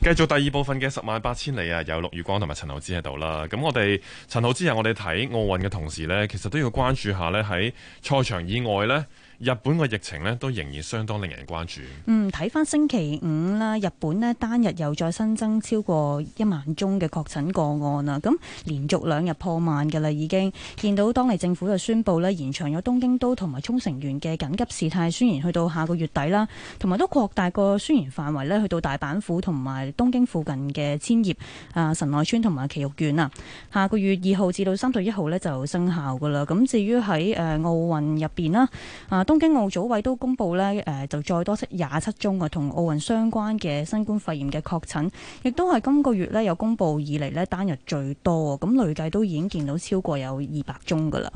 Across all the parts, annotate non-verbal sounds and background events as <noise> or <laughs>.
繼續第二部分嘅十萬八千里啊，有陸宇光同埋陳浩之喺度啦。咁我哋陳浩之係，我哋睇奧運嘅同時呢，其實都要關注下呢喺賽場以外呢。日本嘅疫情呢都仍然相當令人關注。嗯，睇翻星期五啦，日本呢單日又再新增超過一萬宗嘅確診個案啊！咁連續兩日破萬噶啦，已經見到當地政府就宣布呢，延長咗東京都同埋沖繩縣嘅緊急事態宣言去到下個月底啦，同埋都擴大個宣言範圍呢，去到大阪府同埋東京附近嘅千葉啊、神奈川同埋埼玉縣啊。下個月二號至到三十一號呢，就生效噶啦。咁至於喺誒奧運入邊啦啊～東京奧組委都公布咧、呃，就再多七廿七宗啊，同奧運相關嘅新冠肺炎嘅確診，亦都係今個月咧有公布以嚟，咧單日最多，咁累計都已經見到超過有二百宗㗎喇。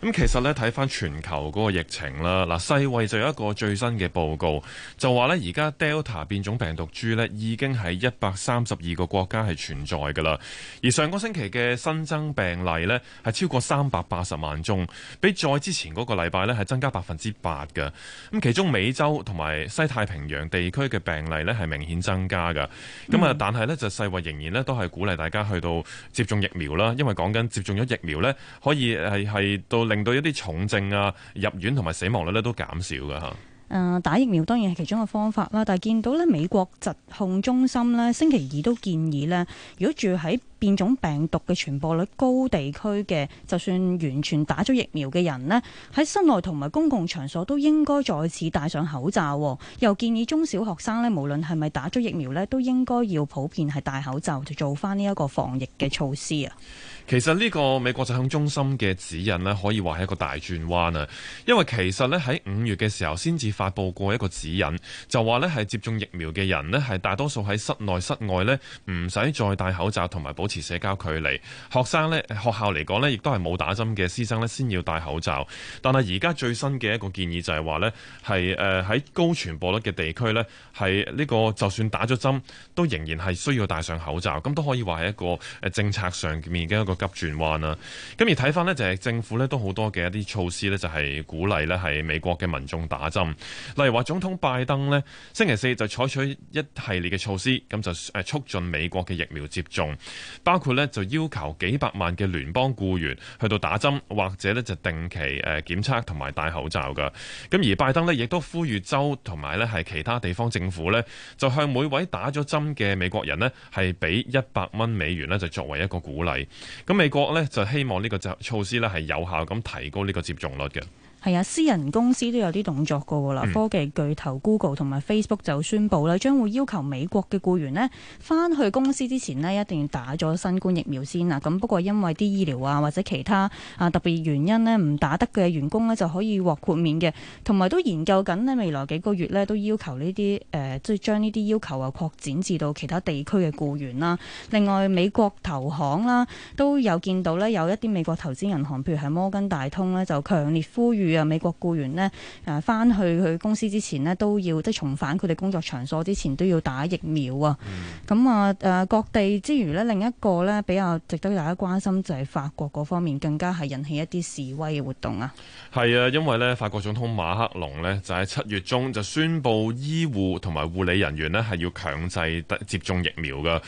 咁其實咧睇返全球嗰個疫情啦，嗱世衛就有一個最新嘅報告，就話呢而家 Delta 變種病毒株呢已經喺一百三十二個國家係存在㗎啦。而上個星期嘅新增病例呢，係超過三百八十萬宗，比再之前嗰個禮拜呢係增加百分之八㗎。咁其中美洲同埋西太平洋地區嘅病例呢，係明顯增加㗎。咁啊、嗯，但係呢，就世衛仍然呢都係鼓勵大家去到接種疫苗啦，因為講緊接種咗疫苗呢，可以係係到。令到一啲重症啊、入院同埋死亡率咧都減少㗎吓，誒，打疫苗當然係其中一個方法啦，但係見到咧美國疾控中心咧星期二都建議咧，如果住喺。變種病毒嘅傳播率高地區嘅，就算完全打咗疫苗嘅人呢，喺室內同埋公共場所都應該再次戴上口罩。又建議中小學生呢，無論係咪打咗疫苗呢，都應該要普遍係戴口罩，就做翻呢一個防疫嘅措施啊。其實呢個美國疾控中心嘅指引呢，可以話係一個大轉彎啊。因為其實呢，喺五月嘅時候先至發布過一個指引，就話呢係接種疫苗嘅人呢，係大多數喺室內室外呢，唔使再戴口罩同埋保持社交距離，學生呢，學校嚟講呢，亦都係冇打針嘅師生呢，先要戴口罩。但係而家最新嘅一個建議就係話呢係喺、呃、高傳播率嘅地區呢，係呢個就算打咗針，都仍然係需要戴上口罩。咁都可以話係一個政策上面嘅一個急轉彎啦。咁而睇翻呢，就係政府呢都好多嘅一啲措施呢，就係鼓勵呢係美國嘅民眾打針。例如話總統拜登呢，星期四就採取一系列嘅措施，咁就促進美國嘅疫苗接種。包括咧就要求幾百萬嘅聯邦僱員去到打針，或者咧就定期誒，檢測同埋戴口罩噶，咁而拜登呢，亦都呼籲州同埋咧係其他地方政府呢，就向每位打咗針嘅美國人呢，係俾一百蚊美元呢，就作為一個鼓勵，咁美國呢，就希望呢個措施呢，係有效咁提高呢個接種率嘅。係啊，私人公司都有啲動作嘅啦。科技巨頭 Google 同埋 Facebook 就宣布啦，將會要求美國嘅僱員呢，翻去公司之前呢，一定要打咗新冠疫苗先啦。咁不過因為啲醫療啊或者其他啊特別原因呢唔打得嘅員工呢，就可以獲豁免嘅。同埋都研究緊呢未來幾個月呢都要求呢啲誒，即將呢啲要求啊擴展至到其他地區嘅僱員啦。另外美國投行啦都有見到呢，有一啲美國投資銀行，譬如係摩根大通呢就強烈呼籲。啊！美國僱員咧，啊，翻去佢公司之前咧，都要即係重返佢哋工作場所之前都要打疫苗啊！咁、嗯、啊，誒各地之餘咧，另一個咧比較值得大家關心，就係法國嗰方面更加係引起一啲示威嘅活動啊！係啊，因為咧法國總統馬克龍呢就喺七月中就宣布醫護同埋護理人員咧係要強制得接種疫苗噶，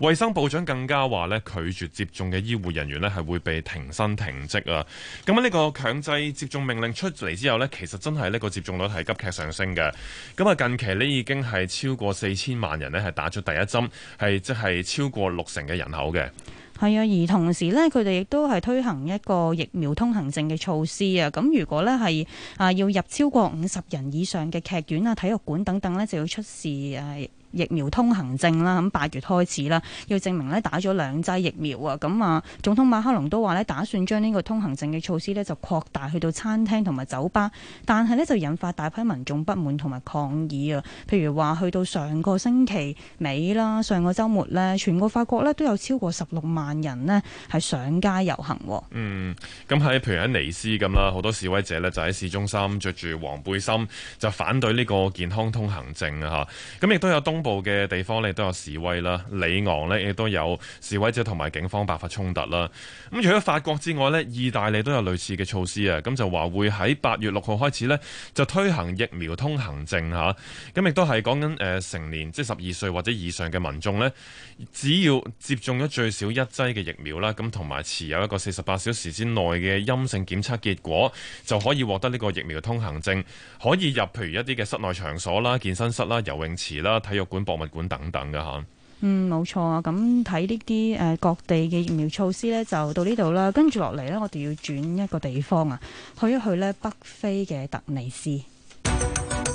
衞生部長更加話咧拒絕接種嘅醫護人員咧係會被停薪停職啊！咁呢個強制接種命令出嚟之後呢，其實真係呢個接種率係急劇上升嘅。咁啊近期呢，已經係超過四千萬人呢，係打咗第一針，係即係超過六成嘅人口嘅。係啊，而同時呢，佢哋亦都係推行一個疫苗通行證嘅措施啊。咁如果呢係啊要入超過五十人以上嘅劇院啊、體育館等等呢，就要出示啊。疫苗通行證啦，咁八月開始啦，要證明呢打咗兩劑疫苗啊。咁啊，總統馬克龍都話呢，打算將呢個通行證嘅措施呢就擴大去到餐廳同埋酒吧，但係呢就引發大批民眾不滿同埋抗議啊。譬如話去到上個星期尾啦，上個週末呢，全個法國呢都有超過十六萬人呢係上街遊行。嗯，咁喺譬如喺尼斯咁啦，好多示威者呢就喺市中心着住黃背心，就反對呢個健康通行證啊。嚇，咁亦都有東嘅地方咧都有示威啦，里昂咧亦都有示威者同埋警方爆發衝突啦。咁除咗法國之外咧，意大利都有類似嘅措施啊。咁就話會喺八月六號開始咧就推行疫苗通行證吓。咁亦都係講緊誒成年即十二歲或者以上嘅民眾咧，只要接種咗最少一劑嘅疫苗啦，咁同埋持有一個四十八小時之內嘅陰性檢測結果，就可以獲得呢個疫苗通行證，可以入譬如一啲嘅室內場所啦、健身室啦、游泳池啦、體育。管博物館等等嘅吓，嗯，冇錯啊。咁睇呢啲誒各地嘅疫苗措施咧，就到呢度啦。跟住落嚟咧，我哋要轉一個地方啊，去一去咧北非嘅突尼斯。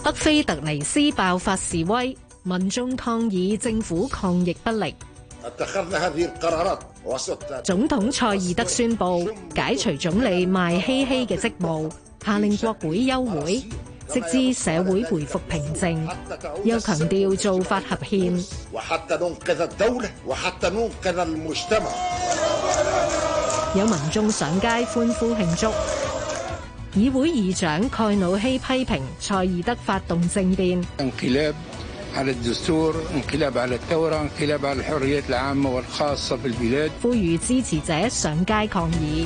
北非突尼斯爆發示威，民眾抗議政府抗疫不力。總統賽義德宣布解除總理邁希希嘅職務，下令國會休會。直至社會回復平靜，又強調做法合憲。有民眾上街歡呼慶祝，議會議長蓋魯希批評賽義德發動政變，呼籲支持者上街抗議。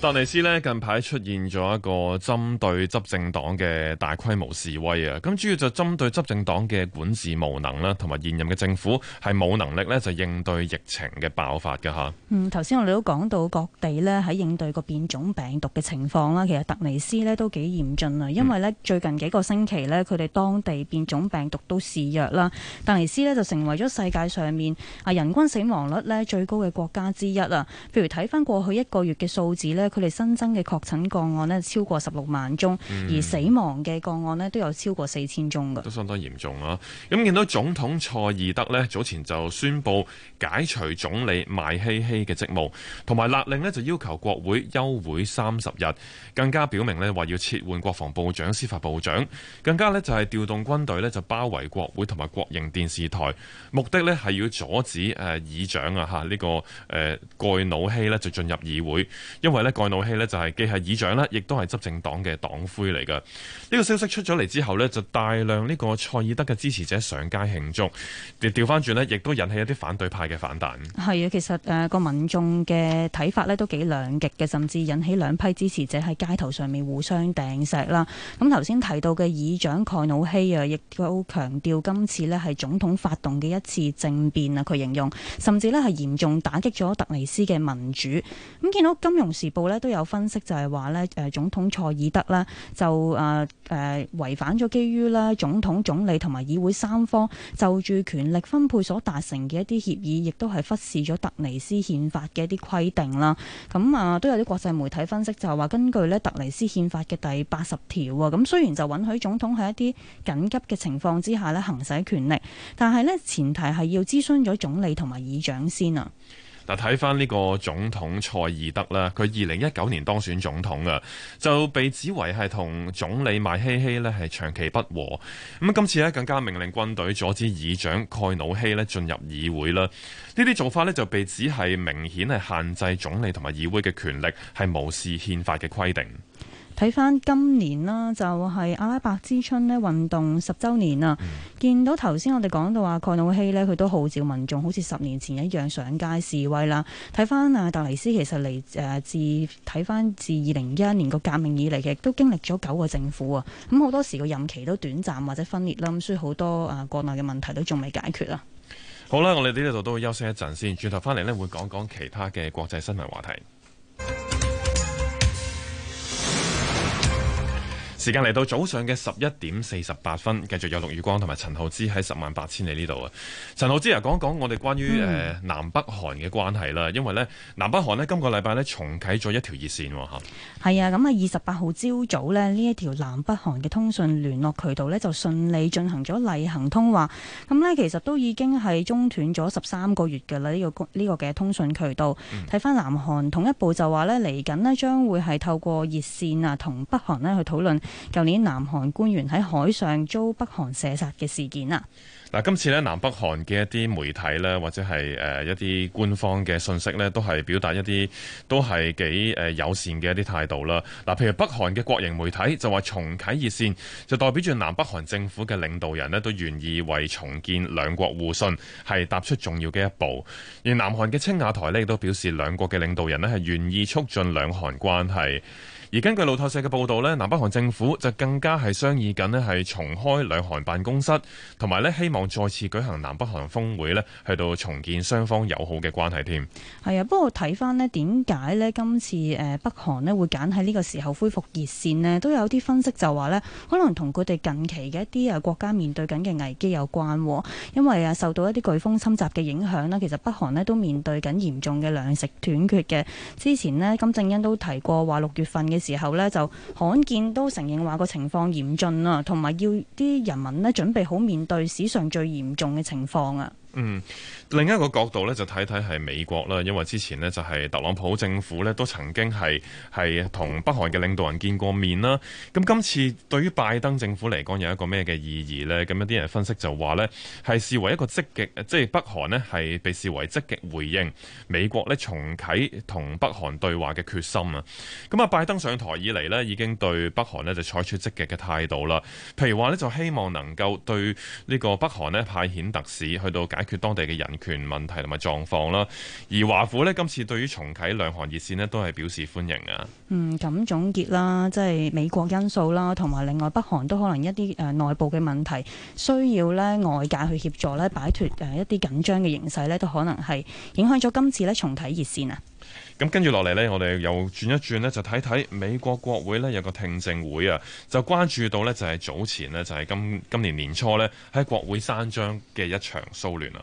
突尼斯咧近排出現咗一個針對執政黨嘅大規模示威啊！咁主要就針對執政黨嘅管治無能啦，同埋現任嘅政府係冇能力咧就應對疫情嘅爆發嘅嚇。嗯，頭先我哋都講到各地咧喺應對個變種病毒嘅情況啦，其實突尼斯咧都幾嚴峻啊！因為咧最近幾個星期咧，佢哋當地變種病毒都肆虐啦，突尼斯咧就成為咗世界上面啊人均死亡率咧最高嘅國家之一啦。譬如睇翻過去一個月嘅數字咧。佢哋新增嘅確診個案咧超過十六萬宗，嗯、而死亡嘅個案咧都有超過四千宗㗎，都相當嚴重啊！咁見到總統蔡意德咧，早前就宣布解除總理麥希希嘅職務，同埋勒令咧就要求國會休會三十日，更加表明咧話要撤換國防部長、司法部長，更加咧就係、是、調動軍隊咧就包圍國會同埋國營電視台，目的咧係要阻止誒、呃、議長啊嚇、這個呃、呢個誒蓋努希咧就進入議會，因為呢。蓋努希呢，就係既係議長啦，亦都係執政黨嘅黨魁嚟嘅。呢個消息出咗嚟之後呢，就大量呢個塞爾德嘅支持者上街慶祝，調調翻轉呢，亦都引起一啲反對派嘅反彈。係啊，其實誒個民眾嘅睇法呢，都幾兩極嘅，甚至引起兩批支持者喺街頭上面互相掟石啦。咁頭先提到嘅議長蓋努希啊，亦都強調今次呢係總統發動嘅一次政變啊，佢形容，甚至呢係嚴重打擊咗突尼斯嘅民主。咁見到《金融時報》咧都有分析，就係話咧，誒總統蔡爾德咧就誒誒違反咗基於咧總統、總理同埋議會三方就住權力分配所達成嘅一啲協議，亦都係忽視咗突尼斯憲法嘅一啲規定啦。咁啊，都有啲國際媒體分析，就係話根據咧突尼斯憲法嘅第八十條啊，咁雖然就允許總統喺一啲緊急嘅情況之下咧行使權力，但係咧前提係要諮詢咗總理同埋議長先啊。嗱，睇翻呢個總統塞爾德啦，佢二零一九年當選總統啊，就被指為係同總理麥希希呢係長期不和。咁今次呢，更加命令軍隊阻止議長蓋努希呢進入議會啦。呢啲做法呢，就被指係明顯係限制總理同埋議會嘅權力，係無視憲法嘅規定。睇翻今年啦，就係、是、阿拉伯之春呢運動十週年啊，嗯、見到頭先我哋講到啊蓋努希呢，佢都號召民眾好似十年前一樣上街示威啦。睇翻啊突尼斯其實嚟誒自睇翻自二零一一年個革命以嚟，亦都經歷咗九個政府啊。咁好多時個任期都短暫或者分裂啦，咁所以好多啊國內嘅問題都仲未解決啦。好啦，我哋呢度都會休息一陣先，轉頭翻嚟呢，會講講其他嘅國際新聞話題。時間嚟到早上嘅十一點四十八分，繼續有陸宇光同埋陳浩之喺十萬八千里呢度啊！陳浩之啊，講一講我哋關於、嗯、南北韓嘅關係啦，因為呢南北韓呢今個禮拜呢重啟咗一條熱線喎。係啊，咁啊二十八號朝早呢，呢一條南北韓嘅通訊聯絡渠道呢就順利進行咗例行通話，咁呢其實都已經係中斷咗十三個月㗎啦，呢、呢個呢、呢個嘅通訊渠道。睇翻、嗯、南韓統一部就話呢嚟緊呢將會係透過熱線啊，同北韓呢去討論。舊年南韓官員喺海上遭北韓射殺嘅事件啊！嗱，今次咧南北韓嘅一啲媒體咧，或者係誒一啲官方嘅信息咧，都係表達一啲都係幾誒友善嘅一啲態度啦。嗱，譬如北韓嘅國營媒體就話，重啟熱線就代表住南北韓政府嘅領導人咧都願意為重建兩國互信係踏出重要嘅一步。而南韓嘅青瓦台咧亦都表示，兩國嘅領導人咧係願意促進兩韓關係。而根據路透社嘅報導咧，南北韓政府就更加係商議緊咧，係重開兩韓辦公室，同埋咧希望再次舉行南北韓峰會咧，去到重建雙方友好嘅關係添。係啊，不過睇返咧點解咧今次誒北韓咧會揀喺呢個時候恢復熱線咧，都有啲分析就話咧，可能同佢哋近期嘅一啲啊國家面對緊嘅危機有關。因為啊受到一啲颶風侵襲嘅影響啦，其實北韓咧都面對緊嚴重嘅糧食短缺嘅。之前咧金正恩都提過話六月份嘅時候呢，就罕見都承認話個情況嚴峻啊，同埋要啲人民呢準備好面對史上最嚴重嘅情況啊。嗯。另一個角度咧，就睇睇係美國啦，因為之前呢，就係特朗普政府呢，都曾經係係同北韓嘅領導人見過面啦。咁今次對於拜登政府嚟講有一個咩嘅意義呢？咁一啲人分析就話呢，係視為一個積極，即係北韓呢係被視為積極回應美國呢，重啟同北韓對話嘅決心啊。咁啊，拜登上台以嚟呢，已經對北韓呢就採取積極嘅態度啦。譬如話呢，就希望能夠對呢個北韓呢派遣特使去到解決當地嘅人權問題同埋狀況啦，而華府呢，今次對於重啟兩韓熱線呢，都係表示歡迎啊。嗯，咁總結啦，即係美國因素啦，同埋另外北韓都可能一啲誒內部嘅問題，需要咧外界去協助咧擺脫誒一啲緊張嘅形勢咧，都可能係影響咗今次咧重啟熱線啊。咁，嗯，跟住落嚟呢，我哋又轉一轉呢，就睇睇美國國會呢，有個聽證會啊，就關注到呢，就係早前呢，就係今今年年初呢，喺國會山莊嘅一場騷亂啊。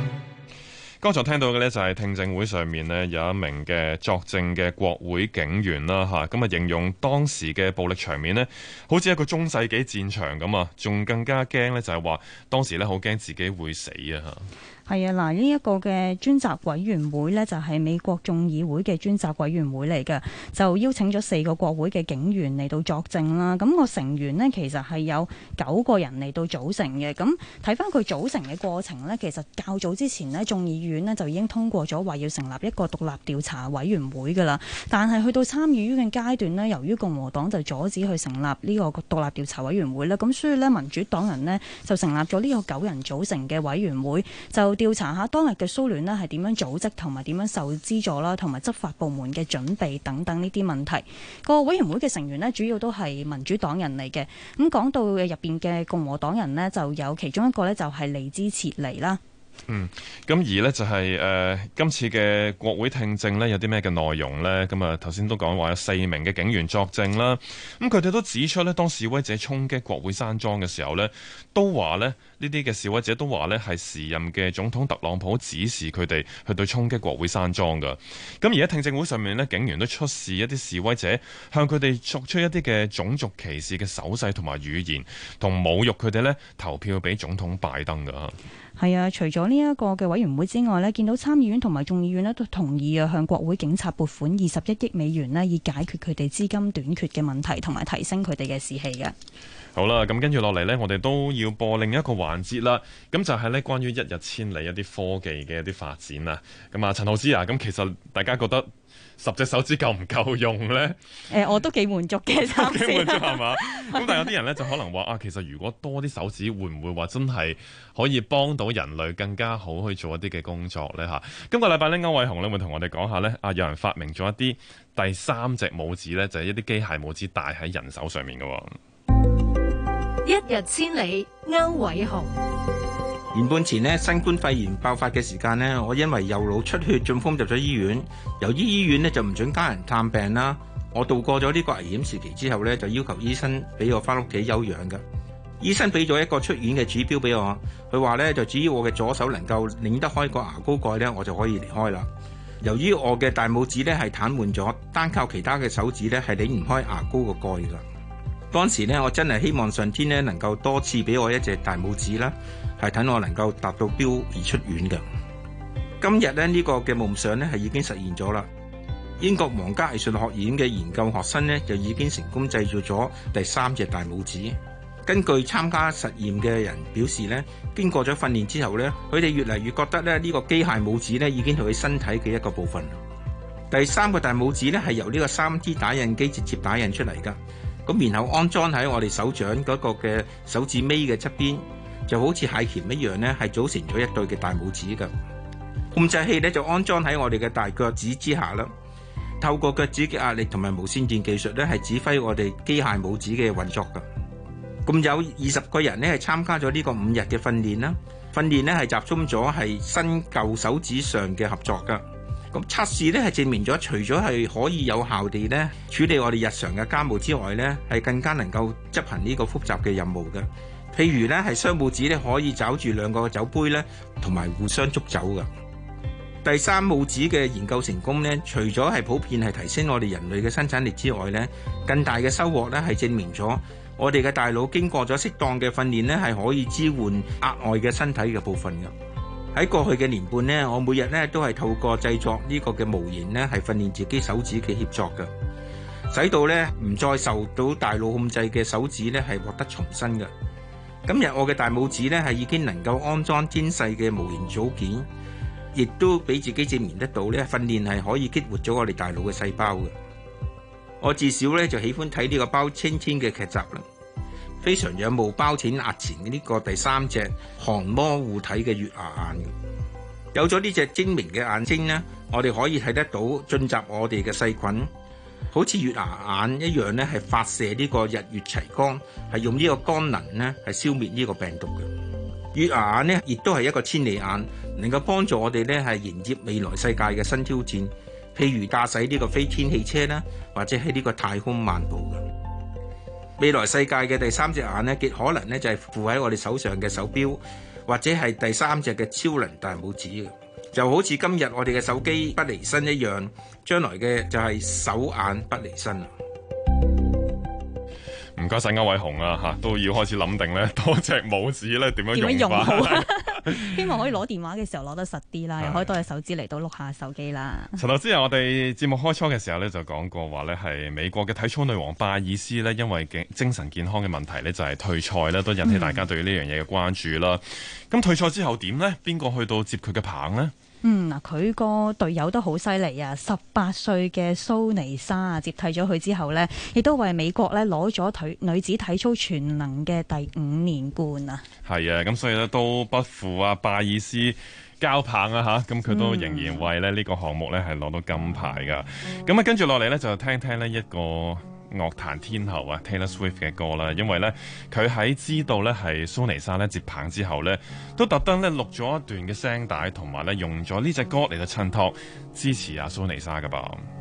剛才聽到嘅呢，就係聽證會上面呢有一名嘅作證嘅國會警員啦嚇，咁啊形容當時嘅暴力場面呢，好似一個中世紀戰場咁啊，仲更加驚呢，就係話當時呢，好驚自己會死啊嚇。係啊，嗱呢一個嘅專責委員會呢，就係美國眾議會嘅專責委員會嚟嘅，就邀請咗四個國會嘅警員嚟到作證啦。咁個成員呢，其實係有九個人嚟到組成嘅。咁睇返佢組成嘅過程呢，其實較早之前呢，眾議院呢，就已經通過咗話要成立一個獨立調查委員會㗎啦。但係去到參與呢個階段呢，由於共和黨就阻止佢成立呢個獨立調查委員會咧，咁所以呢，民主黨人呢，就成立咗呢個九人組成嘅委員會就。調查下當日嘅蘇聯咧係點樣組織同埋點樣受資助啦，同埋執法部門嘅準備等等呢啲問題。個委員會嘅成員咧主要都係民主黨人嚟嘅。咁講到入邊嘅共和黨人呢，就有其中一個呢，就係利茲切尼啦。嗯，咁而呢、就是，就係誒今次嘅國會聽證呢，有啲咩嘅內容呢？咁啊頭先都講話有四名嘅警員作證啦，咁佢哋都指出呢當示威者衝擊國會山莊嘅時候呢，都話呢，呢啲嘅示威者都話呢，係時任嘅總統特朗普指示佢哋去對衝擊國會山莊噶。咁而家聽證會上面呢，警員都出示一啲示威者向佢哋作出一啲嘅種族歧視嘅手勢同埋語言同侮辱佢哋呢投票俾總統拜登噶。係啊，除咗。講呢一個嘅委員會之外呢，見到參議院同埋眾議院呢都同意啊，向國會警察撥款二十一億美元呢，以解決佢哋資金短缺嘅問題，同埋提升佢哋嘅士氣嘅。好啦，咁跟住落嚟呢，我哋都要播另一個環節啦。咁就係呢關於一日千里一啲科技嘅一啲發展啊。咁啊，陳浩之啊，咁其實大家覺得？十隻手指夠唔夠用呢？誒、欸，我都幾滿足嘅，十隻。幾 <laughs> 滿足係嘛？咁但係有啲人呢，就可能話啊，其實如果多啲手指，會唔會話真係可以幫到人類更加好去做一啲嘅工作呢？吓、啊，今個禮拜呢，區煒洪咧會同我哋講下呢？啊，有人發明咗一啲第三隻拇指呢，就係、是、一啲機械拇指戴喺人手上面嘅、哦。一日千里，區煒洪。年半前咧，新冠肺炎爆發嘅時間呢，我因為右腦出血中風入咗醫院。由於醫院咧就唔准家人探病啦，我度過咗呢個危險時期之後咧，就要求醫生俾我返屋企休養嘅。醫生俾咗一個出院嘅指標俾我，佢話咧就只要我嘅左手能夠擰得開個牙膏蓋咧，我就可以離開啦。由於我嘅大拇指咧係癱瘓咗，單靠其他嘅手指咧係擰唔開牙膏個蓋噶。當時咧，我真係希望上天咧能夠多賜俾我一隻大拇指啦。係等我能夠達到標而出院嘅。今日咧，呢個嘅夢想咧係已經實現咗啦。英國皇家藝術學院嘅研究學生咧就已經成功製造咗第三隻大拇指。根據參加實驗嘅人表示咧，經過咗訓練之後咧，佢哋越嚟越覺得咧呢個機械拇指咧已經係佢身體嘅一個部分。第三個大拇指咧係由呢個 3D 打印機直接打印出嚟噶。咁然後安裝喺我哋手掌嗰個嘅手指尾嘅側邊。就好似蟹鉗一樣呢係組成咗一對嘅大拇指噶。控制器呢就安裝喺我哋嘅大腳趾之下啦。透過腳趾嘅壓力同埋無綫電技術呢係指揮我哋機械拇指嘅運作噶。咁有二十個人呢係參加咗呢個五日嘅訓練啦。訓練呢係集中咗係新舊手指上嘅合作噶。咁測試呢係證明咗，除咗係可以有效地呢處理我哋日常嘅家務之外呢係更加能夠執行呢個複雜嘅任務嘅。譬如咧，係雙拇指咧可以找住兩個酒杯咧，同埋互相捉走嘅。第三拇指嘅研究成功咧，除咗係普遍係提升我哋人類嘅生產力之外咧，更大嘅收穫咧係證明咗我哋嘅大腦經過咗適當嘅訓練咧，係可以支援額外嘅身體嘅部分嘅。喺過去嘅年半呢，我每日咧都係透過製作呢個嘅模型咧，係訓練自己手指嘅協作嘅，使到咧唔再受到大腦控制嘅手指咧係獲得重生嘅。今日我嘅大拇指咧係已經能夠安裝尖細嘅模型組件，亦都俾自己證明得到咧，訓練係可以激活咗我哋大腦嘅細胞嘅。我至少咧就喜歡睇呢個包青天嘅劇集啦，非常仰慕包青天額前嘅呢個第三隻寒魔護體嘅月牙眼。有咗呢隻精明嘅眼睛咧，我哋可以睇得到進襲我哋嘅細菌。好似月牙眼一樣咧，係發射呢個日月齊光，係用呢個光能咧，係消滅呢個病毒嘅。月牙眼咧，亦都係一個千里眼，能夠幫助我哋咧係迎接未來世界嘅新挑戰，譬如駕駛呢個飛天汽車啦，或者喺呢個太空漫步嘅。未來世界嘅第三隻眼咧，極可能咧就係附喺我哋手上嘅手錶，或者係第三隻嘅超能大拇指嘅。就好似今日我哋嘅手機不離身一樣，將來嘅就係手眼不離身啊！唔該晒啊，區煒洪啊，吓都要開始諗定咧，多隻拇指咧點樣用法？ <laughs> 希望可以攞電話嘅時候攞得實啲啦，又的可以多隻手指嚟到碌下手機啦。陳老師啊，我哋節目開初嘅時候呢，就講過話呢係美國嘅體操女王巴爾斯呢，因為精神健康嘅問題呢，就係退賽咧，都引起大家對呢樣嘢嘅關注啦。咁、嗯、退賽之後點呢？邊個去到接佢嘅棒呢？嗯，嗱，佢個隊友都好犀利啊！十八歲嘅蘇尼莎啊，接替咗佢之後呢，亦都為美國呢攞咗腿女子體操全能嘅第五連冠啊！係啊，咁所以呢，都不負。阿拜爾斯交棒啊吓，咁佢都仍然為咧呢個項目咧係攞到金牌噶。咁啊、嗯、跟住落嚟咧就聽聽呢一個樂壇天后啊 <music> Taylor Swift 嘅歌啦，因為咧佢喺知道咧係蘇尼莎咧接棒之後咧，都特登咧錄咗一段嘅聲帶，同埋咧用咗呢隻歌嚟到襯托支持阿蘇尼莎噶噃。